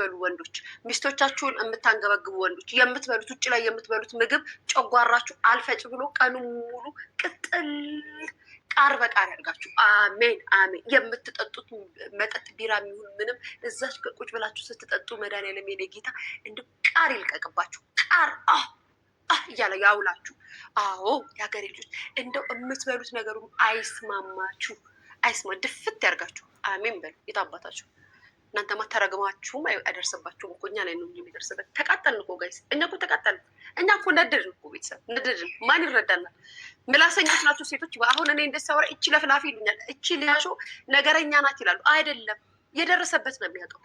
የምትበሉ ወንዶች፣ ሚስቶቻችሁን የምታንገበግቡ ወንዶች የምትበሉት ውጭ ላይ የምትበሉት ምግብ ጨጓራችሁ አልፈጭ ብሎ ቀኑ ሙሉ ቅጥል ቃር በቃር ያድርጋችሁ። አሜን አሜን። የምትጠጡት መጠጥ ቢራ የሚሆን ምንም እዛች ቁጭ ብላችሁ ስትጠጡ መድኃኒዓለም የኔ ጌታ እንዲ ቃር ይልቀቅባችሁ። ቃር እያለ ያውላችሁ። አዎ የሀገሬ ልጆች እንደው የምትበሉት ነገሩ አይስማማችሁ፣ አይስማ ድፍት ያርጋችሁ። አሜን በሉ የታባታችሁ እናንተማ ተረግማችሁም አይደርስባችሁም እኮ እኛ ላይ ነው የሚደርስበት። ተቃጠልን እኮ ጋይስ፣ እኛ እኮ ተቃጠልን። እኛ እኮ ነደድን እኮ ቤተሰብ ነደድን። ማን ይረዳናል? ምላሰኞች ናቸው ሴቶች። አሁን እኔ እንደሰወረ እቺ ለፍላፊ ይሉኛል፣ እቺ ሊያሾ ነገረኛ ናት ይላሉ። አይደለም፣ የደረሰበት ነው የሚያውቀው።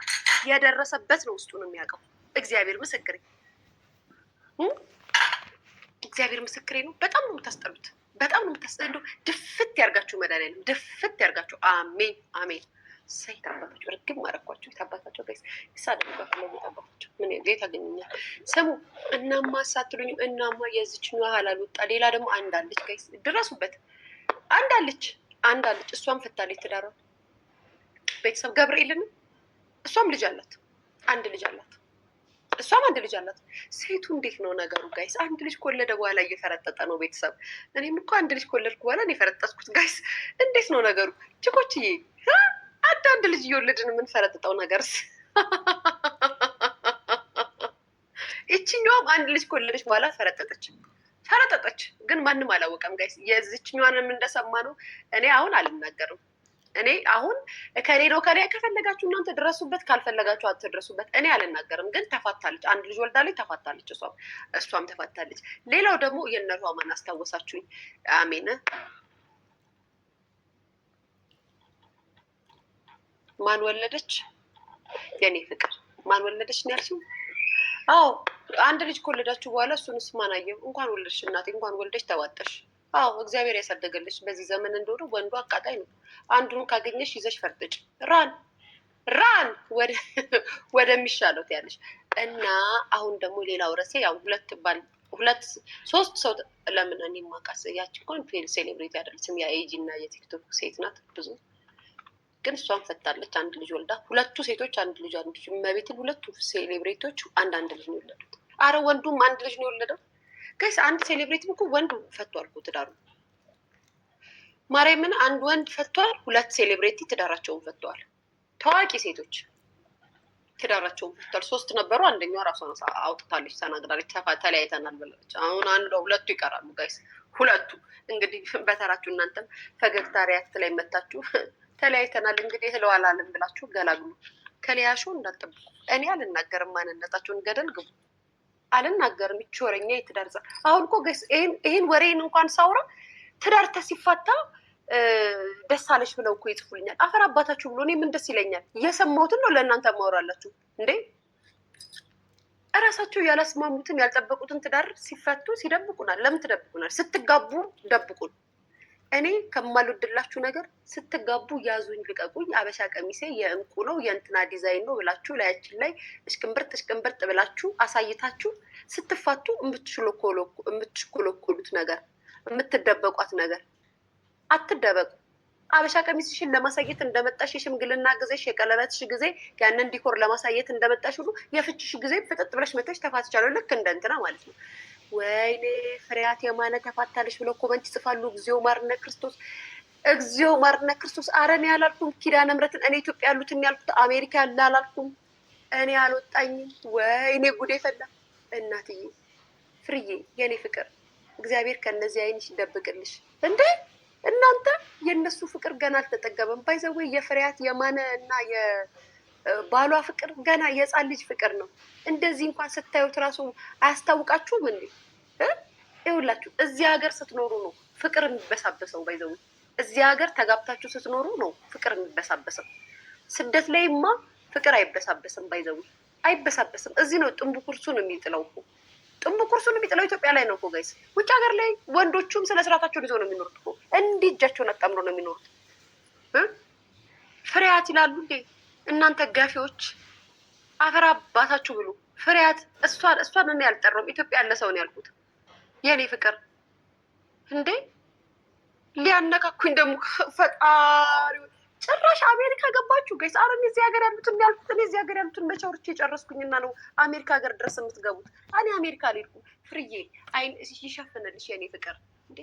የደረሰበት ነው ውስጡ ነው የሚያውቀው። እግዚአብሔር ምስክሬ፣ እግዚአብሔር ምስክሬ ነው። በጣም ነው የምታስጠሉት። በጣም ነው የምታስጠሉ። ድፍት ያርጋችሁ መድኃኒዓለም ድፍት ያርጋችሁ። አሜን አሜን። እሰይ ታባታቸው ረግም አረኳቸው። የታባታቸው ጋይስ ይሳደቡባቸው ነው። የታባታቸው ምን ጌታ ታገኘኛል። ስሙ እናማ ሳትሉኝ እናማ የዚች ነው ሀላል ወጣ። ሌላ ደግሞ አንድ አለች ጋይስ ድረሱበት። አንድ አለች አንድ አለች። እሷም ፈታለች ትዳሯን ቤተሰብ ገብርኤልን። እሷም ልጅ አላት አንድ ልጅ አላት። እሷም አንድ ልጅ አላት። ሴቱ እንዴት ነው ነገሩ ጋይስ? አንድ ልጅ ከወለደ በኋላ እየፈረጠጠ ነው ቤተሰብ። እኔም እኮ አንድ ልጅ ከወለድኩ በኋላ ነው የፈረጠጥኩት ጋይስ። እንዴት ነው ነገሩ ችኮችዬ? አንዳንድ ልጅ እየወለድን የምንፈረጥጠው ነገርስ ይችኛዋም አንድ ልጅ ከወለደች በኋላ ፈረጠጠች ፈረጠጠች፣ ግን ማንም አላወቀም። ጋይስ የዚችኛዋንም እንደሰማ ነው። እኔ አሁን አልናገርም። እኔ አሁን ከኔ ነው ከኔ ከፈለጋችሁ እናንተ ድረሱበት፣ ካልፈለጋችሁ አትድረሱበት። እኔ አልናገርም። ግን ተፋታለች፣ አንድ ልጅ ወልዳለች፣ ተፋታለች። እሷም እሷም ተፋታለች። ሌላው ደግሞ የእነ ሩሃማን አስታወሳችሁኝ። አሜን ማን ወለደች? የኔ ፍቅር ማን ወለደች ነው ያልሽው? አዎ አንድ ልጅ ከወለዳችሁ በኋላ እሱንስ ማን አየው? እንኳን ወለድሽ እናቴ፣ እንኳን ወለደች ተዋጠሽ። አዎ እግዚአብሔር ያሳደገልሽ በዚህ ዘመን እንደሆነ ወንዱ አቃጣይ ነው። አንዱን ካገኘሽ ይዘሽ ፈርጥጭ ራን ራን ወደሚሻለው ትያለሽ። እና አሁን ደግሞ ሌላው ርዕሴ ያው ሁለት ባል ሁለት ሶስት ሰው ለምን እኔ ማቃሰ ያቺ ኮን ፌል ሴሌብሬቲ አይደለችም። ያ ኤጂ እና የቲክቶክ ሴት ናት ብዙ ግን እሷን ፈታለች። አንድ ልጅ ወልዳ ሁለቱ ሴቶች አንድ ልጅ አንድ ልጅ መቤትን ሁለቱ ሴሌብሬቶች አንድ አንድ ልጅ ነው የወለዱት። አረ ወንዱም አንድ ልጅ ነው የወለደው። ከስ አንድ ሴሌብሬትም እኮ ወንድ ፈቷል እኮ ትዳሩ። ማርያምን አንድ ወንድ ፈቷል፣ ሁለት ሴሌብሬቲ ትዳራቸውን ፈቷል። ታዋቂ ሴቶች ትዳራቸውን ፈቷል። ሶስት ነበሩ። አንደኛዋ ራሷን አውጥታለች፣ ተናግራለች። ተለያይተናል ብላለች። አሁን አንዷ ሁለቱ ይቀራሉ ጋይስ። ሁለቱ እንግዲህ በተራችሁ እናንተም ፈገግታ ሪያክት ላይ መታችሁ ተለያይተናል እንግዲህ ህለው አላለም ብላችሁ ገላግሉ። ከሊያሹ እንዳጠብቁ እኔ አልናገርም። ማንነታችሁን ገደል ግቡ። አልናገርም። ይቺ ወሬኛ የትዳርዛ አሁን እኮ ይህን ወሬን እንኳን ሳውራ ትዳር ተሲፋታ ደስ አለሽ ብለው እኮ ይጽፉልኛል። አፈር አባታችሁ ብሎ እኔ ምን ደስ ይለኛል? እየሰማሁትን ነው ለእናንተ ማወራላችሁ እንዴ? እራሳቸው ያላስማሙትን ያልጠበቁትን ትዳር ሲፈቱ ሲደብቁናል። ለምን ትደብቁናል? ስትጋቡ ደብቁን። እኔ ከማልወድላችሁ ነገር ስትጋቡ ያዙኝ ልቀቁኝ፣ አበሻ ቀሚሴ የእንቁ ነው የእንትና ዲዛይን ነው ብላችሁ ላያችን ላይ እሽቅንብርጥ እሽቅንብርጥ ብላችሁ አሳይታችሁ ስትፋቱ የምትሽኮለኮሉት ነገር የምትደበቋት ነገር አትደበቁ። አበሻ ቀሚስሽን ለማሳየት እንደመጣሽ የሽምግልና ጊዜሽ፣ የቀለበትሽ ጊዜ ያንን ዲኮር ለማሳየት እንደመጣሽ ሁሉ የፍችሽ ጊዜ ፍጥጥ ብለሽ መተሽ ተፋትቻለሁ። ልክ እንደ እንትና ማለት ነው። ወይኔ ፍሬያት የማነ ተፋታለሽ ብለው ኮመንት ይጽፋሉ። እግዚኦ ማርነ ክርስቶስ፣ እግዚኦ ማርነ ክርስቶስ። አረ እኔ አላልኩም ኪዳነ ምሕረትን እኔ ኢትዮጵያ ያሉትን ያልኩት አሜሪካ ያለ አላልኩም እኔ አልወጣኝም። ወይኔ ጉዴ ፈላ። እናትዬ ፍርዬ፣ የኔ ፍቅር፣ እግዚአብሔር ከእነዚህ አይንሽ ይደብቅልሽ እንዴ እናንተ የእነሱ ፍቅር ገና አልተጠገበም። ባይዘዌ የፍሬያት የማነ እና የባሏ ፍቅር ገና የህፃን ልጅ ፍቅር ነው። እንደዚህ እንኳን ስታዩት ራሱ አያስታውቃችሁም እንዴ? ይኸውላችሁ እዚህ ሀገር ስትኖሩ ነው ፍቅር የሚበሳበሰው። ባይዘው እዚህ ሀገር ተጋብታችሁ ስትኖሩ ነው ፍቅር የሚበሳበሰው። ስደት ላይማ ፍቅር አይበሳበስም። ባይዘው አይበሳበስም። እዚህ ነው ጥንቡ ኩርሱን የሚጥለው እኮ ጥንቡ ኩርሱን የሚጥለው ኢትዮጵያ ላይ ነው እኮ ጋይስ። ውጭ ሀገር ላይ ወንዶቹም ስነ ስርዓታቸውን ይዞ ነው የሚኖሩት እኮ። እንዲህ እጃቸውን አጣምሮ ነው የሚኖሩት። ፍሬያት ይላሉ እንዴ እናንተ ጋፊዎች፣ አፈር አባታችሁ ብሉ። ፍሬያት እሷን እሷን እኔ ያልጠራውም ኢትዮጵያ ያለ ሰው ነው ያልኩት። የእኔ ፍቅር እንዴ ሊያነካኩኝ ደግሞ ፈጣሪ ጭራሽ አሜሪካ ገባችሁ ጋይስ። አረ እዚህ ሀገር ያሉትን ያልኩት እኔ እዚህ ሀገር ያሉትን መቻሮች የጨረስኩኝና ነው አሜሪካ ሀገር ድረስ የምትገቡት። እኔ አሜሪካ አልሄድኩም። ፍርዬ አይን ይሸፍንልሽ የኔ ፍቅር። እንዴ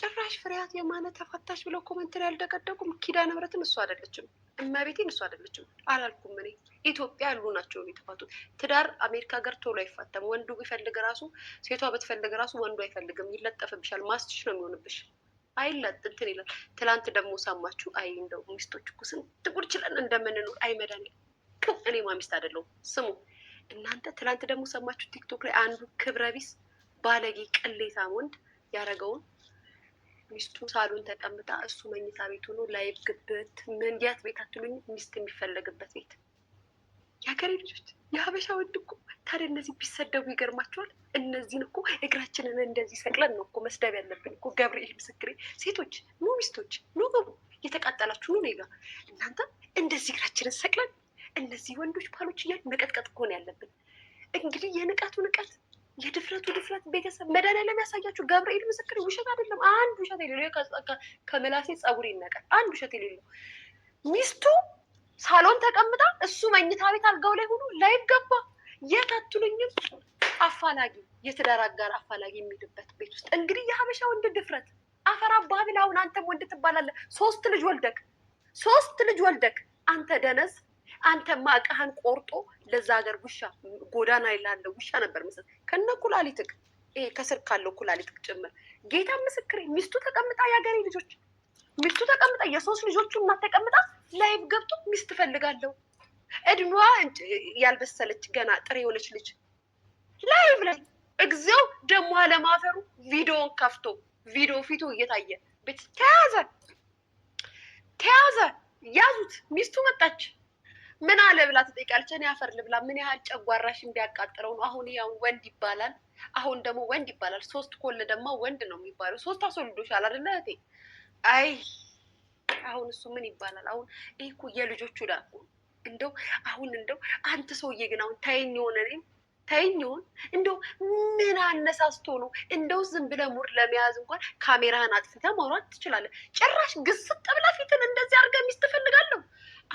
ጭራሽ ፍሬያት የማነ ተፈታሽ ብለው ኮመንት ላይ ያልደቀደቁም ኪዳነ ምሕረትን እሱ አይደለችም፣ እመቤቴን እሱ አይደለችም አላልኩም። እኔ ኢትዮጵያ ያሉ ናቸው የተፋቱት። ትዳር አሜሪካ ሀገር ቶሎ አይፋተም። ወንዱ ቢፈልግ ራሱ ሴቷ ብትፈልግ ራሱ ወንዱ አይፈልግም። ይለጠፍብሻል። ማስትሽ ነው የሚሆንብሽ አይላት እንትን ይላል። ትላንት ደግሞ ሳማችሁ። አይ እንደው ሚስቶች እኮ ስንት ጉድ ችለን እንደምንኖር አይመዳኝ። መድኃኒዓለም ግን እኔማ ሚስት አይደለሁም። ስሙ እናንተ ትላንት ደግሞ ሰማችሁ ቲክቶክ ላይ አንዱ ክብረ ቢስ ባለጌ ቅሌታም ወንድ ያደረገውን ሚስቱ ሳሎን ተቀምጣ እሱ መኝታ ቤት ሆኖ ላይቭ ግብት ምንዲያት ቤት አትሉኝ ሚስት የሚፈለግበት ቤት የሀገሬ ልጆች የሀበሻ ወንድ እኮ ታዲያ እነዚህ ቢሰደቡ ይገርማቸዋል። እነዚህን እኮ እግራችንን እንደዚህ ሰቅለን ነው እኮ መስደብ ያለብን እኮ። ገብርኤል ምስክሬ። ሴቶች ኑ፣ ሚስቶች ኑ፣ ግቡ። የተቃጠላችሁ ኑ ኔጋ። እናንተ እንደዚህ እግራችንን ሰቅለን እነዚህ ወንዶች ባሎች እያል መቀጥቀጥ ከሆነ ያለብን እንግዲህ የንቀቱ ንቀት የድፍረቱ ድፍረት ቤተሰብ መድኃኒዓለም ያሳያችሁ። ገብርኤል ምስክሬ። ውሸት አይደለም። አንድ ውሸት የሌለው ከምላሴ ፀጉር ይነቀል። አንድ ውሸት የሌለው ሚስቱ ሳሎን ተቀምጣ እሱ መኝታ ቤት አልጋው ላይ ሆኖ ላይገባ የታቱልኝም አፋላጊ የትዳር አጋር አፋላጊ የሚልበት ቤት ውስጥ እንግዲህ የሀበሻ ወንድ ድፍረት አፈራ አባህ አሁን አንተም ወንድ ትባላለህ። ሶስት ልጅ ወልደክ ሶስት ልጅ ወልደክ አንተ ደነዝ አንተ ማቀህን ቆርጦ ለዛ ሀገር ውሻ ጎዳና ይላለ ውሻ ነበር ምስል ከነ ኩላሊትክ ይሄ ከስር ካለው ኩላሊትክ ጭምር ጌታ ምስክር ሚስቱ ተቀምጣ የሀገሬ ልጆች ሚስቱ ተቀምጣ የሶስት ልጆቹን ተቀምጣ ላይቭ ገብቶ ሚስት እፈልጋለሁ እድሜዋ ያልበሰለች ገና ጥሬ የሆነች ልጅ ላይቭ ላይ እግዚአው ደሞ አለማፈሩ ቪዲዮን ከፍቶ ቪዲዮ ፊቱ እየታየ ቤት ተያዘ ተያዘ ያዙት። ሚስቱ መጣች። ምን አለ ብላ ትጠይቃለች። እኔ አፈር ልብላ ምን ያህል ጨጓራሽ እንዲያቃጥለው ነው። አሁን ያው ወንድ ይባላል አሁን ደግሞ ወንድ ይባላል። ሶስት ኮል ደግሞ ወንድ ነው የሚባለው። ሶስት አስወልዶሻል አይደለ እህቴ? አይ አሁን እሱ ምን ይባላል? አሁን ይህ እኮ የልጆቹ ዳቁ እንደው አሁን እንደው አንተ ሰውዬ ግን አሁን ታይኝ የሆነ እኔም ተይኝ ሆን እንደው ምን አነሳስቶ ነው እንደው ዝም ብለህ ሙድ ለመያዝ እንኳን ካሜራህን አጥፍተህ ማውራት ትችላለህ። ጭራሽ ግስጥ ብለህ ፊትን እንደዚህ አድርገህ ሚስት ትፈልጋለሁ።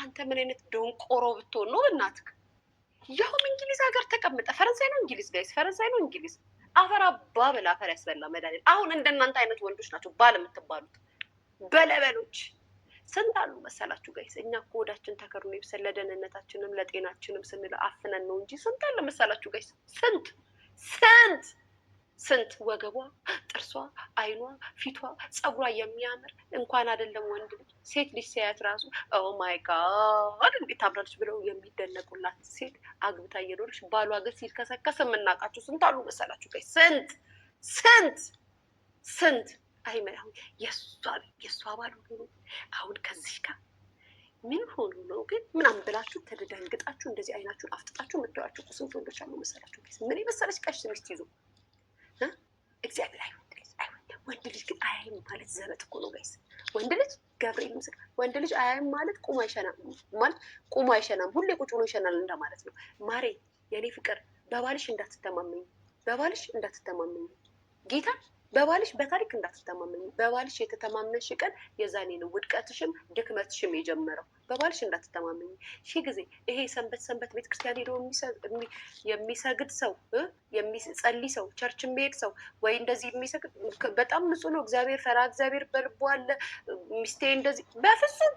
አንተ ምን አይነት ደንቆሮ ብትሆን ነው እናትህ? ያውም እንግሊዝ ሀገር ተቀምጠ ፈረንሳይ ነው እንግሊዝ ጋይስ፣ ፈረንሳይ ነው እንግሊዝ። አፈር አባ አፈር ያስበላ መድኃኒት። አሁን እንደናንተ አይነት ወንዶች ናቸው ባል የምትባሉት። በለበሎች ስንት አሉ መሰላችሁ ጋይስ? እኛ እኮ ሆዳችን ተከርኖ ይብሰል ለደህንነታችንም ለጤናችንም ስንል አፍነን ነው እንጂ ስንት አለ መሰላችሁ ጋይስ? ስንት ስንት ስንት ወገቧ፣ ጥርሷ፣ አይኗ፣ ፊቷ፣ ፀጉሯ የሚያምር እንኳን አይደለም ወንድ ልጅ ሴት ልጅ ሲያያት ራሱ ኦ ማይ ጋድ እንዴት ታምራለች ብለው የሚደነቁላት ሴት አግብታ እየኖረች ባሏ ገር ሲልከሰከስ የምናውቃቸው ስንት አሉ መሰላችሁ ጋይስ? ስንት ስንት ስንት አይመን የእሷ የእሷ ባል ሆኖ አሁን ከዚህ ጋር ምን ሆኖ ነው ግን ምናምን ብላችሁ ተደዳንግጣችሁ እንደዚህ አይናችሁን አፍጥጣችሁ የምትዋያችሁ ቁስንት ወንዶች አሉ መሰላችሁ? ምን የመሰለች ቀሽ ትምህርት ይዞ እግዚአብሔር አይወድ ልጅ አይወድም። ወንድ ልጅ ግን አያይም ማለት ዘበት እኮ ነው ጋይስ። ወንድ ልጅ ገብርኤል ምስል ወንድ ልጅ አያይም ማለት ቁሞ አይሸናም ማለት ቁሞ አይሸናም፣ ሁሌ ቁጭ ብሎ ይሸናል እንደማለት ነው። ማሬ የኔ ፍቅር በባልሽ እንዳትተማመኝ፣ በባልሽ እንዳትተማመኝ ጌታ በባልሽ በታሪክ እንዳትተማመኝ። በባልሽ የተተማመንሽ ቀን የዛኔ ነው ውድቀትሽም ድክመትሽም የጀመረው። በባልሽ እንዳትተማመኝ። ሺ ጊዜ ይሄ ሰንበት ሰንበት ቤተክርስቲያን ሄዶ የሚሰግድ ሰው የሚጸልይ ሰው ቸርች የሚሄድ ሰው ወይ እንደዚህ የሚሰግድ በጣም ንጹሕ ነው፣ እግዚአብሔር ፈራ እግዚአብሔር በልቦ አለ፣ ሚስቴ እንደዚህ በፍጹም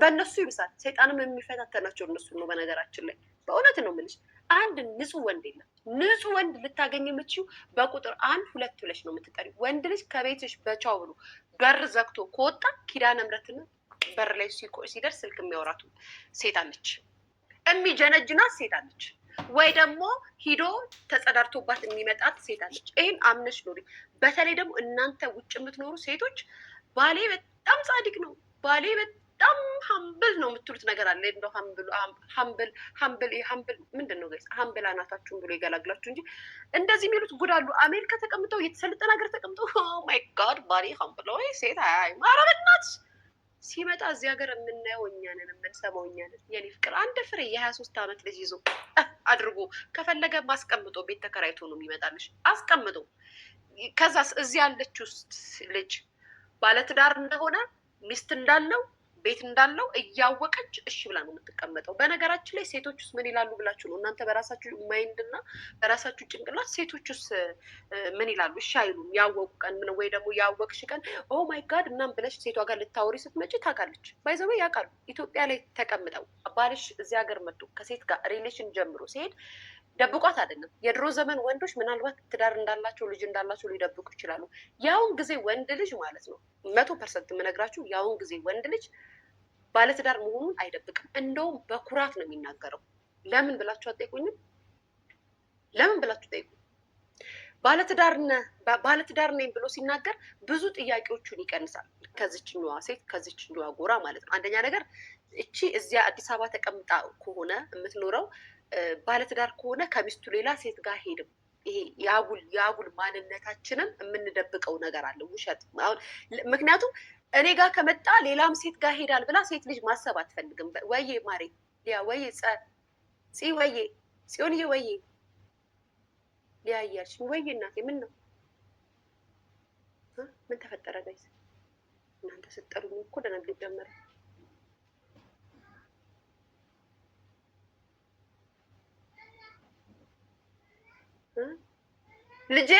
በእነሱ ይብሳል። ሰይጣንም የሚፈታተናቸው እነሱ ነው። በነገራችን ላይ በእውነት ነው የምልሽ አንድ ንጹሕ ወንድ የለም። ንጹህ ወንድ ልታገኝ የምችው በቁጥር አንድ ሁለት ብለሽ ነው የምትጠሪ። ወንድ ልጅ ከቤትሽ በቻው ብሎ በር ዘግቶ ከወጣ ኪዳነ ምሕረትን በር ላይ ሲደርስ ስልክ የሚያወራቱ ሴት አለች፣ የሚጀነጅናት ሴት አለች፣ ወይ ደግሞ ሂዶ ተጸዳርቶባት የሚመጣት ሴት አለች። ይህን አምነሽ ኖሪ። በተለይ ደግሞ እናንተ ውጭ የምትኖሩ ሴቶች ባሌ በጣም ጻድቅ ነው ባሌ በጣም ሀምብል ነው የምትሉት ነገር አለ። እንደ ሀምብል ሀምብል ሀምብል ምንድን ነው ጋይስ? ሀምብል አናታችሁን ብሎ ይገላግላችሁ እንጂ እንደዚህ የሚሉት ጉድ አሉ። አሜሪካ ተቀምጠው የተሰለጠነ ሀገር ተቀምጠው ማይ ጋድ ባሪ ሀምብል ወይ ሴት አያይ ማረብናት ሲመጣ እዚህ ሀገር የምናየው እኛንን የምንሰማው እኛንን። የኔ ፍቅር አንድ ፍሬ የሀያ ሶስት አመት ልጅ ይዞ አድርጎ ከፈለገ ማስቀምጦ ቤት ተከራይቶ ነው የሚመጣልሽ፣ አስቀምጦ ከዛ እዚህ ያለችው ልጅ ባለትዳር እንደሆነ ሚስት እንዳለው ቤት እንዳለው እያወቀች እሺ ብላ ነው የምትቀመጠው። በነገራችን ላይ ሴቶች ውስጥ ምን ይላሉ ብላችሁ ነው እናንተ በራሳችሁ ማይንድ እና በራሳችሁ ጭንቅላት ሴቶች ውስጥ ምን ይላሉ? እሺ አይሉም። ያወቁ ቀን ምን ወይ ደግሞ ያወቅሽ ቀን ኦ ማይ ጋድ እናም ብለሽ ሴቷ ጋር ልታወሪ ስትመጪ ታውቃለች። ባይዘበ ያውቃሉ። ኢትዮጵያ ላይ ተቀምጠው ባልሽ እዚህ ሀገር መጡ ከሴት ጋር ሪሌሽን ጀምሮ ሲሄድ ደብቋት አይደለም። የድሮ ዘመን ወንዶች ምናልባት ትዳር እንዳላቸው ልጅ እንዳላቸው ሊደብቁ ይችላሉ። ያውን ጊዜ ወንድ ልጅ ማለት ነው መቶ ፐርሰንት የምነግራችሁ ያውን ጊዜ ወንድ ልጅ ባለትዳር መሆኑን አይደብቅም። እንደውም በኩራት ነው የሚናገረው። ለምን ብላችሁ አጠይቁኝም? ለምን ብላችሁ ጠይቁ። ባለትዳር ነኝ ብሎ ሲናገር ብዙ ጥያቄዎቹን ይቀንሳል። ከዚችኛዋ ሴት ከዚችኛዋ ጎራ ማለት ነው። አንደኛ ነገር እቺ እዚያ አዲስ አበባ ተቀምጣ ከሆነ የምትኖረው ባለትዳር ከሆነ ከሚስቱ ሌላ ሴት ጋር ሄድም ይሄ የአጉል የአጉል ማንነታችንን የምንደብቀው ነገር አለ። ውሸት። አሁን ምክንያቱም እኔ ጋር ከመጣ ሌላም ሴት ጋር ሄዳል ብላ ሴት ልጅ ማሰብ አትፈልግም። ወዬ ማሬ ሊያ ወዬ ፅ ወዬ ጽዮንዬ ወዬ ሊያ እያልሽ ወይ እናቴ ምን ነው ምን ተፈጠረ? ጋይስ እናንተ ስጠሩ እኮ ደነግጥ ጀመረ። ልጄ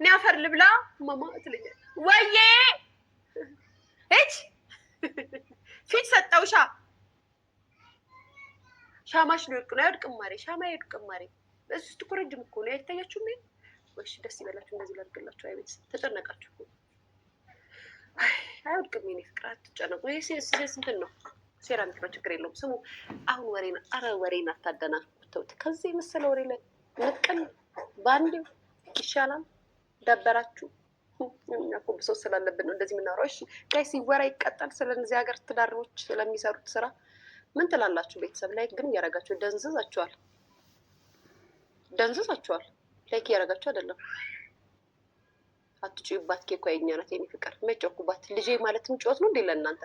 እኔ አፈር ልብላ ማማ ትለኛል ወይዬ ሂጅ ፊት ሰጠው ሻ ሻማሽ ነው ይወድቅ ነው አይወድቅም? ማሬ ሻማ አይወድቅም ማሬ። እሱ ውስጥ እኮ ረጅም እኮ ነው አይታያችሁም? ወይሽ ደስ ይበላችሁ። እንደዚህ ላድርግላችሁ። አይ ቤተሰብ ተጨነቃችሁ። አይወድቅም የእኔ ፍቅር አትጨነቁ። ይሄ እንትን ነው ሴራሚክ ነው፣ ችግር የለውም። ስሙ አሁን ወሬን፣ አረ ወሬን አታደናቁት። ከዚህ የመሰለ ወሬ ላይ ንቅል በአንዴ ይሻላል። ደበራችሁ ሰው ስላለብን ነው እንደዚህ የምናወራው። እሺ ጋይስ፣ ወራ ይቀጣል። ስለዚህ ሀገር ትዳሮች ስለሚሰሩት ስራ ምን ትላላችሁ? ቤተሰብ ላይ ግን እያደረጋችሁ ደንዝዛችኋል፣ ደንዝዛችኋል። ላይክ እያደረጋችሁ አይደለም። አትጩይባት፣ ኬኳ የእኛ ናት። የኔ ፍቅር መጨኩባት ልጄ ማለትም ጩኸት ነው እንዴ ለእናንተ?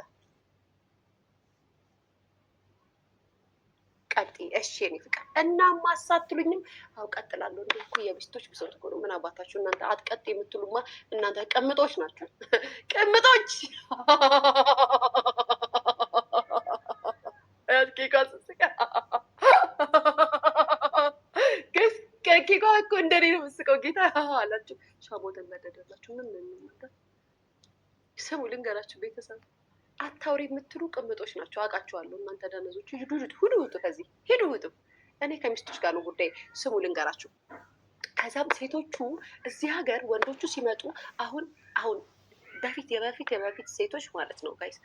ቀጥይ። እሺ የኔ ፍቅር እና ማሳትሉኝም አው ቀጥላለሁ። እንደ እኮ የሚስቶች ብሶት እኮ ነው። ምን አባታችሁ እናንተ አትቀጥ የምትሉማ እናንተ ቅምጦች ናችሁ፣ ቅምጦች ኬኳ እኮ እንደኔ ነው የምስቀው። ጌታ አላችሁ ሻቦ ተመደደላችሁ። ምን ነው የሚመጣ ስሙ ልንገራችሁ ቤተሰብ አታውሪ የምትሉ ቅምጦች ናቸው። አውቃቸዋለሁ። እናንተ ደነዞች ሂዱ፣ ሁሉ ውጡ፣ ከዚህ ሂዱ፣ ውጡ። እኔ ከሚስቶች ጋር ነው ጉዳይ። ስሙ ልንገራችሁ። ከዛም ሴቶቹ እዚህ ሀገር ወንዶቹ ሲመጡ አሁን አሁን በፊት የበፊት የበፊት ሴቶች ማለት ነው ጋይስ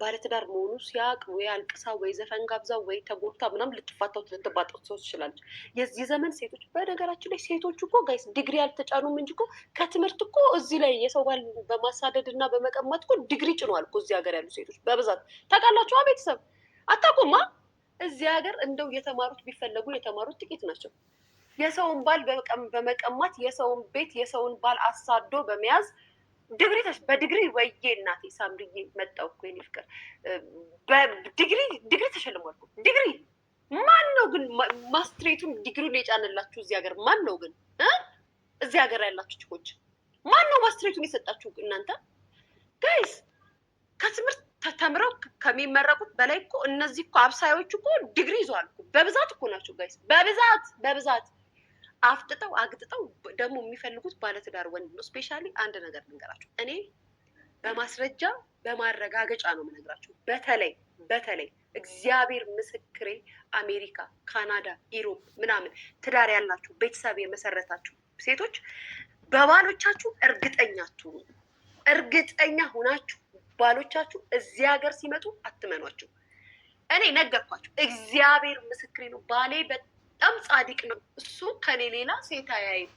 ባለትዳር መሆኑ ሲያቅ ወይ አልቅሳ ወይ ዘፈን ጋብዛ ወይ ተጎድታ ምናም ልትፋታው ልትባጣው ሰው ትችላለች። የዚህ ዘመን ሴቶች በነገራችን ላይ ሴቶች እኮ ጋይስ ዲግሪ አልተጫኑም እንጂ እኮ ከትምህርት እኮ እዚህ ላይ የሰው ባል በማሳደድ እና በመቀማት እኮ ዲግሪ ጭኗል እኮ እዚህ ሀገር ያሉ ሴቶች በብዛት ታውቃላችሁ። ቤተሰብ አታውቁማ። እዚህ ሀገር እንደው የተማሩት ቢፈለጉ የተማሩት ጥቂት ናቸው። የሰውን ባል በመቀማት የሰውን ቤት የሰውን ባል አሳዶ በመያዝ ድግሪ በዲግሪ ወዬ እናቴ ሳምርዬ መጣው እኮ የእኔ ፍቅር በዲግሪ ዲግሪ ተሸልሟል እኮ ማን ነው ግን ማስትሬቱን ዲግሪውን የጫንላችሁ እዚህ ሀገር? ማን ነው ግን እዚህ ሀገር ያላችሁ ችኮች ማን ነው ማስትሬቱን የሰጣችሁ እናንተ ጋይስ? ከትምህርት ተምረው ከሚመረቁት በላይ እኮ እነዚህ እኮ አብሳዮች እኮ ዲግሪ ይዘዋል በብዛት እኮ ናቸው ጋይስ፣ በብዛት በብዛት አፍጥጠው አግጥጠው ደግሞ የሚፈልጉት ባለትዳር ወንድ ነው። ስፔሻሊ አንድ ነገር ልንገራቸው፣ እኔ በማስረጃ በማረጋገጫ ነው የምነግራችሁ። በተለይ በተለይ እግዚአብሔር ምስክሬ አሜሪካ፣ ካናዳ፣ ኢሮፕ ምናምን ትዳር ያላችሁ ቤተሰብ የመሰረታችሁ ሴቶች በባሎቻችሁ እርግጠኛችሁ እርግጠኛ ሆናችሁ ባሎቻችሁ እዚህ ሀገር ሲመጡ አትመኗቸው። እኔ ነገርኳችሁ፣ እግዚአብሔር ምስክሬ ነው ባሌ በጣም ጻድቅ ነው። እሱ ከኔ ሌላ ሴት አያይም።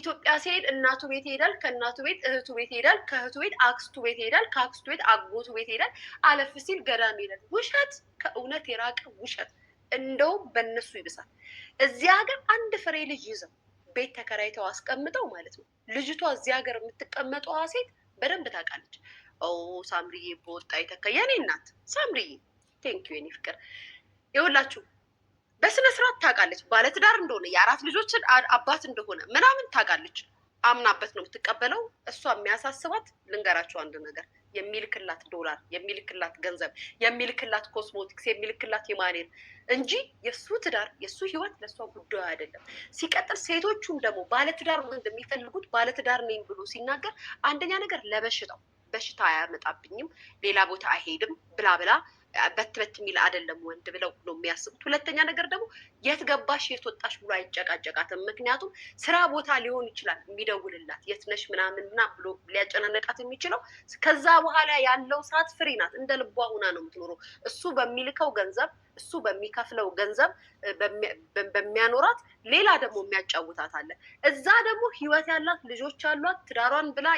ኢትዮጵያ ሲሄድ እናቱ ቤት ይሄዳል፣ ከእናቱ ቤት እህቱ ቤት ይሄዳል፣ ከእህቱ ቤት አክስቱ ቤት ይሄዳል፣ ከአክስቱ ቤት አጎቱ ቤት ይሄዳል፣ አለፍ ሲል ገዳም ይሄዳል። ውሸት፣ ከእውነት የራቀ ውሸት። እንደውም በእነሱ ይብሳል። እዚያ ሀገር አንድ ፍሬ ልጅ ይዘው ቤት ተከራይተው አስቀምጠው ማለት ነው። ልጅቷ እዚያ ሀገር የምትቀመጠዋ ሴት በደንብ ታውቃለች። ኦ ሳምሪዬ በወጣ የተከ የኔ እናት ሳምሪዬ ቴንኪዩ የኔ ፍቅር ይኸውላችሁ በስነ ስርዓት ታውቃለች፣ ባለትዳር እንደሆነ የአራት ልጆችን አባት እንደሆነ ምናምን ታውቃለች። አምናበት ነው የምትቀበለው። እሷ የሚያሳስባት ልንገራቸው አንድ ነገር፣ የሚልክላት ዶላር፣ የሚልክላት ገንዘብ፣ የሚልክላት ኮስሞቲክስ፣ የሚልክላት የማኔር እንጂ የእሱ ትዳር የእሱ ህይወት ለእሷ ጉዳዩ አይደለም። ሲቀጥል ሴቶቹም ደግሞ ባለትዳር ወንድ የሚፈልጉት ባለትዳር ነኝ ብሎ ሲናገር አንደኛ ነገር ለበሽታው በሽታ አያመጣብኝም፣ ሌላ ቦታ አይሄድም ብላ ብላ በትበት የሚል አይደለም ወንድ ብለው ነው የሚያስቡት። ሁለተኛ ነገር ደግሞ የት ገባሽ የት ወጣሽ ብሎ አይጨቃጨቃትም። ምክንያቱም ስራ ቦታ ሊሆን ይችላል የሚደውልላት የት ነሽ ምናምን ብሎ ሊያጨናነቃት የሚችለው ከዛ በኋላ ያለው ሰዓት ፍሪ ናት። እንደ ልቧ ሁና ነው የምትኖረው። እሱ በሚልከው ገንዘብ፣ እሱ በሚከፍለው ገንዘብ በሚያኖራት ሌላ ደግሞ የሚያጫውታት አለ። እዛ ደግሞ ህይወት ያላት ልጆች አሏት። ትዳሯን ብላ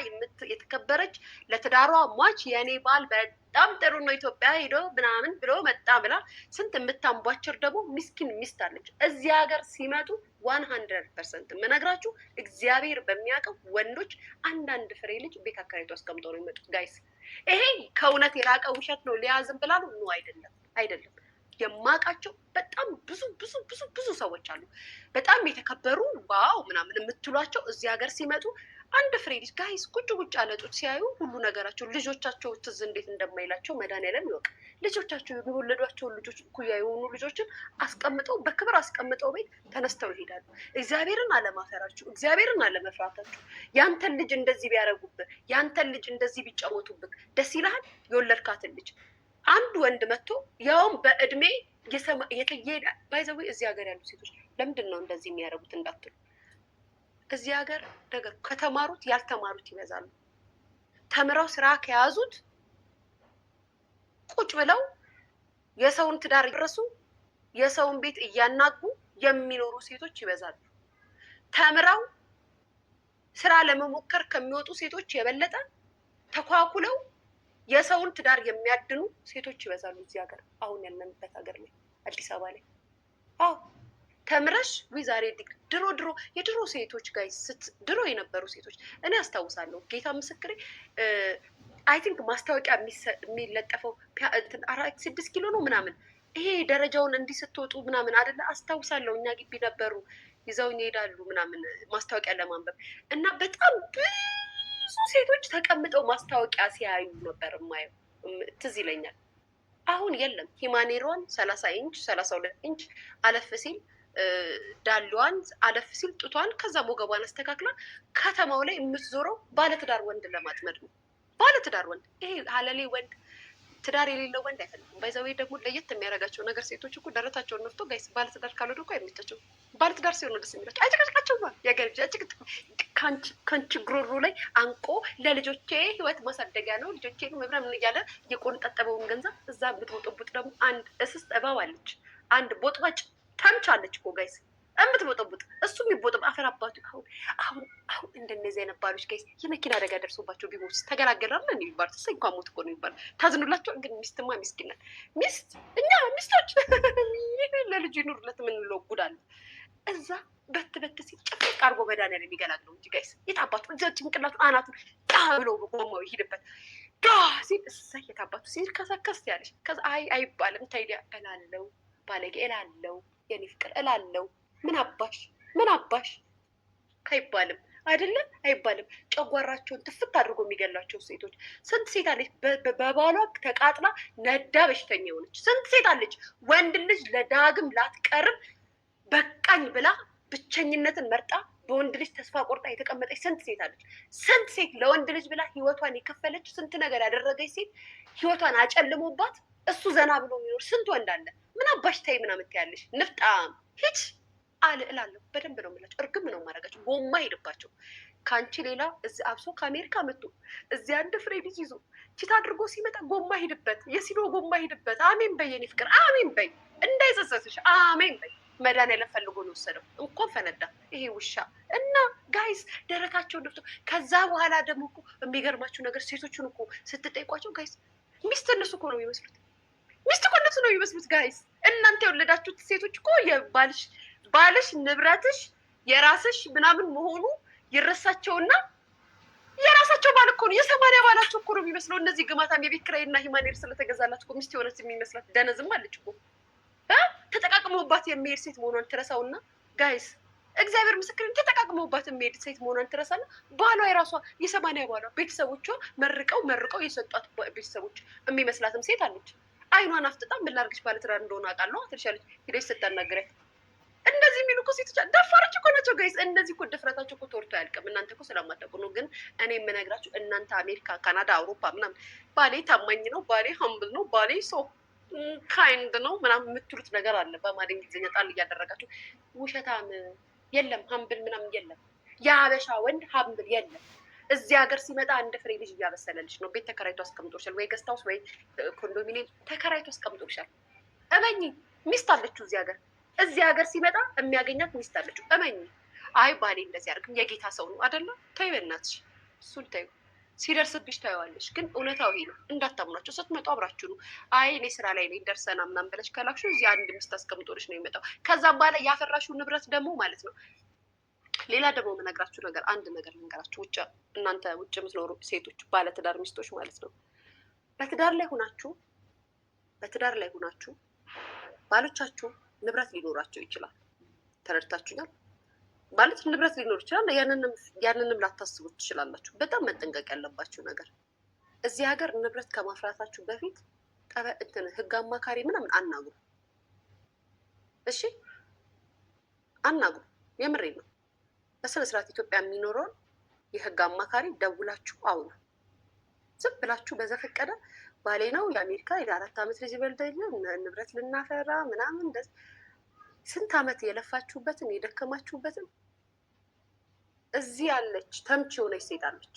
የተከበረች ለትዳሯ ሟች የእኔ ባል በጣም ጥሩ ነው ኢትዮጵያ ሄዶ ምናምን ብሎ መጣ ብላ ስንት የምታንቧቸር ደግሞ ሚስኪን ሚስት አለች። እዚህ ሀገር ሲመጡ ዋን ሀንድረድ ፐርሰንት የምነግራችሁ እግዚአብሔር በሚያውቀው ወንዶች አንዳንድ ፍሬ ልጅ ቤት አካባቢ አስቀምጦ ነው የመጡት። ጋይስ ይሄ ከእውነት የራቀ ውሸት ነው። ሊያዝም ብላሉ ኖ አይደለም፣ አይደለም የማውቃቸው በጣም ብዙ ብዙ ብዙ ብዙ ሰዎች አሉ። በጣም የተከበሩ ዋው ምናምን የምትሏቸው እዚህ ሀገር ሲመጡ አንድ ፍሬ ልጅ ጋይስ ቁጭ ቁጭ አለጡት ሲያዩ ሁሉ ነገራቸው ልጆቻቸው ትዝ እንዴት እንደማይላቸው መድኃኒዓለም ይወቅ። ልጆቻቸው የሚወለዷቸውን ልጆች እኩያ የሆኑ ልጆችን አስቀምጠው በክብር አስቀምጠው ቤት ተነስተው ይሄዳሉ። እግዚአብሔርን አለማፈራችሁ፣ እግዚአብሔርን አለመፍራታችሁ ያንተን ልጅ እንደዚህ ቢያረጉብህ፣ ያንተን ልጅ እንደዚህ ቢጫወቱብህ ደስ ይልሃል? የወለድካትን ልጅ አንድ ወንድ መጥቶ ያውም በእድሜ ባይዘዌ እዚህ ሀገር ያሉ ሴቶች ለምንድን ነው እንደዚህ የሚያደርጉት እንዳትሉ እዚህ ሀገር ነገር ከተማሩት ያልተማሩት ይበዛሉ። ተምረው ስራ ከያዙት ቁጭ ብለው የሰውን ትዳር እየረሱ የሰውን ቤት እያናጉ የሚኖሩ ሴቶች ይበዛሉ። ተምረው ስራ ለመሞከር ከሚወጡ ሴቶች የበለጠ ተኳኩለው የሰውን ትዳር የሚያድኑ ሴቶች ይበዛሉ። እዚህ ሀገር አሁን ያለንበት ሀገር ላይ አዲስ አበባ ላይ አዎ ተምረሽ ወይ ዛሬ ዲግሪ ድሮ ድሮ የድሮ ሴቶች ስት ድሮ የነበሩ ሴቶች እኔ አስታውሳለሁ። ጌታ ምስክሬ አይ ቲንክ ማስታወቂያ የሚለጠፈው አራት ስድስት ኪሎ ነው ምናምን ይሄ ደረጃውን እንዲህ ስትወጡ ምናምን አደለ አስታውሳለሁ። እኛ ግቢ ነበሩ ይዘውኝ ይሄዳሉ ምናምን ማስታወቂያ ለማንበብ እና በጣም ብዙ ሴቶች ተቀምጠው ማስታወቂያ ሲያዩ ነበር የማየው፣ ትዝ ይለኛል። አሁን የለም። ሂማኔሯን ሰላሳ ኢንች ሰላሳ ሁለት ኢንች አለፍ ሲል ዳሏን አለፍ ሲል ጡቷን ከዛ ወገቧን አስተካክላ ከተማው ላይ የምትዞረው ባለትዳር ወንድ ለማጥመድ ነው። ባለትዳር ወንድ ይሄ ሀለሌ ወንድ ትዳር የሌለው ወንድ አይፈልግም። ባይዘዌ ደግሞ ለየት የሚያደርጋቸው ነገር ሴቶች እኮ ደረታቸውን ነፍቶ ጋይስ ባለትዳር ካልሆነ እኮ አይመቻቸው። ባለትዳር ሲሆን ደስ የሚላቸው አይጨቅጭቃቸው ባ ያገርጅ ከንቺ ግሮሮ ላይ አንቆ ለልጆቼ ህይወት ማሳደጊያ ነው ልጆቼ ምብረ ምን እያለ የቆንጠጠበውን ገንዘብ እዛ የምትወጡቡት ደግሞ አንድ እስስ እባብ አለች አንድ ቦጥባጭ ተምቻለች እኮ ጋይስ እምትቦጠቦጥ እሱ የሚቦጠብ አፈር አባቱ አሁን አሁን አሁን እንደነዚህ አይነት ባሎች ጋይስ የመኪና አደጋ ደርሶባቸው ቢሞት ተገላገላለ የሚባል ስ እንኳ ሞት እኮ ነው የሚባል ታዝኑላቸው። እንግዲህ ሚስትማ ሚስኪናል ሚስት እኛ ሚስቶች ለልጁ ይኑርለት የምንለው ጉዳለ እዛ በት በት ሲል ጭፍቅ አርጎ መድኃኒዓለም የሚገላግለው እንጂ ጋይስ የታባቱ እዛ ጭንቅላቱ አናቱ ጣ ብሎ ጎማው ይሄድበት ሲል እሳ የታባቱ ሲል ከሰከስ ያለች ከዛ አይ አይባልም ተይዲያ እላለው ባለጌ እላለው የኔ ፍቅር እላለው። ምን አባሽ ምን አባሽ አይባልም አይደለም አይባልም። ጨጓራቸውን ትፍት አድርጎ የሚገላቸው ሴቶች ስንት ሴት አለች፣ በባሏ ተቃጥላ ነዳ በሽተኛ የሆነች ስንት ሴት አለች። ወንድ ልጅ ለዳግም ላትቀርብ በቃኝ ብላ ብቸኝነትን መርጣ በወንድ ልጅ ተስፋ ቆርጣ የተቀመጠች ስንት ሴት አለች። ስንት ሴት ለወንድ ልጅ ብላ ህይወቷን የከፈለች ስንት ነገር ያደረገች ሴት ህይወቷን አጨልሞባት እሱ ዘና ብሎ የሚኖር ስንት ወንድ አለ። ምን አባሽ ታይ ምናምን ትያለሽ ንፍጣም ሂች አለ እላለሁ። በደንብ ነው የምላቸው። እርግም ነው የማደርጋቸው። ጎማ ሄድባቸው ከአንቺ ሌላ እዚህ አብሶ ከአሜሪካ መጥቶ እዚህ አንድ ፍሬ ልጅ ይዞ ቺት አድርጎ ሲመጣ ጎማ ሄድበት፣ የሲሎ ጎማ ሄድበት። አሜን በይ የኔ ፍቅር፣ አሜን በይ እንዳይጸጸትሽ፣ አሜን በይ መድኃኒዓለም ፈልጎ ነው እንኳን ፈነዳ ይሄ ውሻ እና ጋይስ ደረታቸው ደፍቶ ከዛ በኋላ ደግሞ እኮ የሚገርማችሁ ነገር ሴቶቹን እኮ ስትጠይቋቸው ጋይስ ሚስት እነሱ እኮ ነው የሚመስሉት ሚስት እኮ እነሱ ነው የሚመስሉት ጋይስ። እናንተ የወለዳችሁት ሴቶች እኮ የባልሽ ባልሽ ንብረትሽ የራስሽ ምናምን መሆኑ ይረሳቸውና የራሳቸው ባል እኮ ነው የሰማንያ ባላቸው እኮ ነው የሚመስለው። እነዚህ ግማታም የቤት ኪራይና ሂማኔር ስለተገዛላት እኮ ሚስት የሆነች የሚመስላት ደነዝም አለች እኮ ተጠቃቅመውባት የሚሄድ ሴት መሆኗን ትረሳውና ጋይስ እግዚአብሔር ምስክር ተጠቃቅመውባት የሚሄድ ሴት መሆኗን ትረሳና ባሏ የራሷ የሰማንያ ባሏ ቤተሰቦቿ መርቀው መርቀው የሰጧት ቤተሰቦች የሚመስላትም ሴት አለች። አይኗን አፍጥጣ ምን ላድርግሽ ባለትዳር እንደሆነ አውቃለሁ ትልሻለች። ሄደሽ ስታናግሪያት እንደዚህ የሚሉ እኮ ሴቶች ደፋሮች እኮ ናቸው ጋይስ። እንደዚህ እኮ ድፍረታቸው እኮ ተወርቶ አያልቅም። እናንተ እኮ ስለማታውቁ ነው። ግን እኔ የምነግራችሁ እናንተ አሜሪካ፣ ካናዳ፣ አውሮፓ ምናምን ባሌ ታማኝ ነው፣ ባሌ ሀምብል ነው፣ ባሌ ሶ ካይንድ ነው ምናምን የምትሉት ነገር አለ። በማድ እንግሊዝኛ ጣል እያደረጋችሁ ውሸታም የለም ሀምብል ምናምን የለም የሀበሻ ወንድ ሀምብል የለም። እዚህ ሀገር ሲመጣ አንድ ፍሬ ልጅ እያበሰለልሽ ነው። ቤት ተከራይቶ አስቀምጦሻል፣ ወይ ገስታውስ ወይ ኮንዶሚኒየም ተከራይቶ አስቀምጦሻል። እመኝ ሚስት አለችው እዚህ ሀገር። እዚህ ሀገር ሲመጣ የሚያገኛት ሚስት አለችው። እመኝ አይ ባሌ እንደዚህ አድርግም የጌታ ሰው ነው አደለ? ተይው በእናትሽ እሱን ተይው። ሲደርስብሽ ታየዋለሽ። ግን እውነታው ይሄ ነው። እንዳታምኗቸው። ስትመጡ አብራችሁ ነው። አይ እኔ ስራ ላይ ነኝ ደርሰና ምናምን ብለሽ ከላክሽው እዚህ አንድ ሚስት አስቀምጦልሽ ነው የሚመጣው። ከዛም በኋላ ያፈራሽው ንብረት ደግሞ ማለት ነው ሌላ ደግሞ የምነግራችሁ ነገር አንድ ነገር ልንገራችሁ። ውጭ እናንተ ውጭ የምትኖሩ ሴቶች ባለትዳር ሚስቶች ማለት ነው። በትዳር ላይ ሆናችሁ በትዳር ላይ ሆናችሁ ባሎቻችሁ ንብረት ሊኖራቸው ይችላል። ተረድታችሁኛል? ማለት ንብረት ሊኖር ይችላል። ያንንም ላታስቡ ትችላላችሁ። በጣም መጠንቀቅ ያለባችሁ ነገር እዚህ ሀገር ንብረት ከማፍራታችሁ በፊት ጠበ እንትን ህግ አማካሪ ምናምን አናግሩ። እሺ አናግሩ። የምሬ ነው። በስነ ስርዓት ኢትዮጵያ የሚኖረውን የህግ አማካሪ ደውላችሁ አውሩ። ዝም ብላችሁ በዘፈቀደ ባሌ ነው የአሜሪካ የአራት ዓመት ልጅ በልደኛ ንብረት ልናፈራ ምናምን እንደዚህ ስንት ዓመት የለፋችሁበትን የደከማችሁበትን እዚህ ያለች ተምች የሆነች ሴት አለች።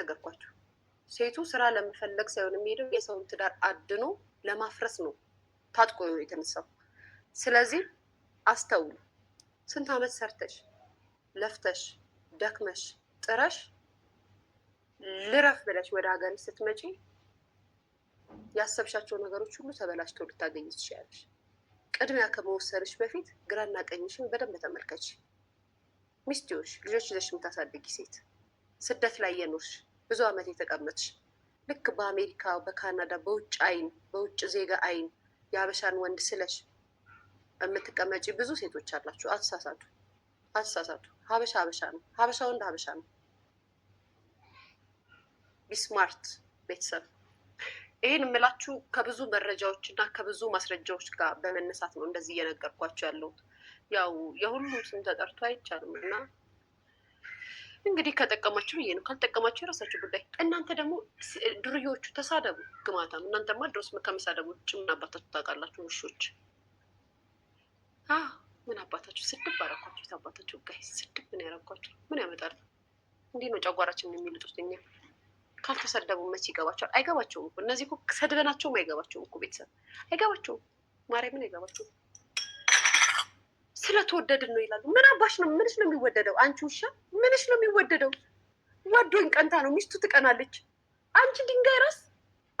ነገርኳችሁ። ሴቱ ስራ ለመፈለግ ሳይሆን የሚሄደው የሰውን ትዳር አድኖ ለማፍረስ ነው ታጥቆ የተነሳው። ስለዚህ አስተውሉ። ስንት ዓመት ሰርተሽ ለፍተሽ ደክመሽ ጥረሽ ልረፍ ብለሽ ወደ ሀገር ስትመጪ ያሰብሻቸው ነገሮች ሁሉ ተበላሽተው ልታገኝ ትችላለሽ። ቅድሚያ ከመወሰንሽ በፊት ግራና ቀኝሽን በደንብ ተመልከች። ሚስቲዎች ልጆች ይዘሽ የምታሳድጊ ሴት፣ ስደት ላይ የኖርሽ ብዙ ዓመት የተቀመጥሽ ልክ በአሜሪካ በካናዳ በውጭ አይን በውጭ ዜጋ አይን የሀበሻን ወንድ ስለሽ የምትቀመጪ ብዙ ሴቶች አላችሁ። አትሳሳቱ። አትሳሳቱ። ሀበሻ ሀበሻ ነው። ሀበሻ ወንድ ሀበሻ ነው። ቢስማርት ቤተሰብ ይህን የምላችሁ ከብዙ መረጃዎች እና ከብዙ ማስረጃዎች ጋር በመነሳት ነው እንደዚህ እየነገርኳቸው ያለሁት። ያው የሁሉም ስም ተጠርቶ አይቻልም እና እንግዲህ ከጠቀማቸው ብዬ ነው፣ ካልጠቀማቸው የራሳቸው ጉዳይ። እናንተ ደግሞ ድርዮቹ ተሳደቡ፣ ነው። እናንተማ ድሮስ ከመሳደቡ ጭምና አባታችሁ ታውቃላችሁ ውሾች። ምን አባታችሁ ስድብ አረኳችሁ? የታባታችሁ ጋይ ስድብ ምን ያረኳችሁ? ምን ያመጣል? እንዲህ ነው ጨጓራችን የሚልጡት። እኛ ካልተሰደቡ መቼ ይገባቸዋል? አይገባቸውም እኮ እነዚህ እኮ ሰድበናቸውም አይገባቸውም እኮ ቤተሰብ አይገባቸውም። ማርያምን አይገባቸውም። ስለተወደድን ነው ይላሉ። ምን አባሽ ነው? ምንሽ ነው የሚወደደው? አንቺ ውሻ ምንሽ ነው የሚወደደው? ወዶኝ ቀንታ ነው ሚስቱ ትቀናለች። አንቺ ድንጋይ ራስ፣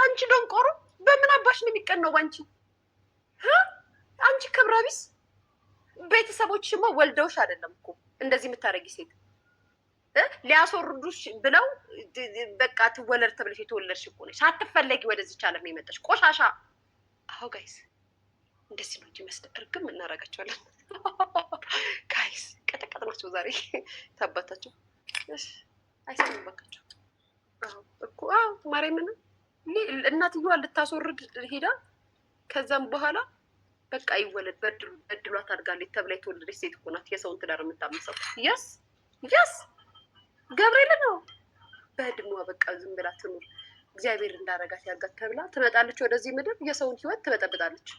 አንቺ ደንቆሮ፣ በምን አባሽ ነው የሚቀናው? አንቺ አንቺ ክብረ ቢስ ቤተሰቦች ደግሞ ወልደውሽ አይደለም እኮ እንደዚህ የምታደርጊ ሴት ሊያስወርዱሽ ብለው በቃ ትወለድ ተብለሽ የተወለድሽ እኮ ነሽ። ሳትፈለጊ ወደዚች ዓለም የመጣሽ ቆሻሻ። አሁ ጋይስ እንደዚህ ነው እንጂ መስለ እርግም እናደርጋቸዋለን። ጋይስ ቀጠቀጥ ናቸው ዛሬ ታባታቸው አይሰሙ እኮ ማሬ ምን እናትየዋ ልታስወርድ ሄዳ ከዛም በኋላ በቃ ይወለድ በድሏ ታድጋለች ተብላ የተወለደች ሴት እኮ ናት የሰውን ትዳር የምታመሰው የስ የስ ገብርኤል ነው በድሟ በቃ ዝም ብላ ትኑር እግዚአብሔር እንዳረጋት ያርጋት ተብላ ትመጣለች ወደዚህ ምድር የሰውን ህይወት ትበጠብጣለች።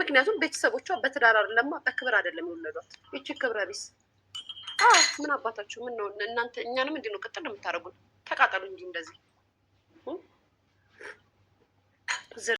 ምክንያቱም ቤተሰቦቿ በትዳር አይደለማ በክብር አይደለም የወለዷት። ይቺ ክብረ ቢስ ምን አባታችሁ ምን ነው እናንተ እኛንም እንዲ ነው ቅጥል የምታደርጉን። ተቃጠሉ እንጂ እንደዚህ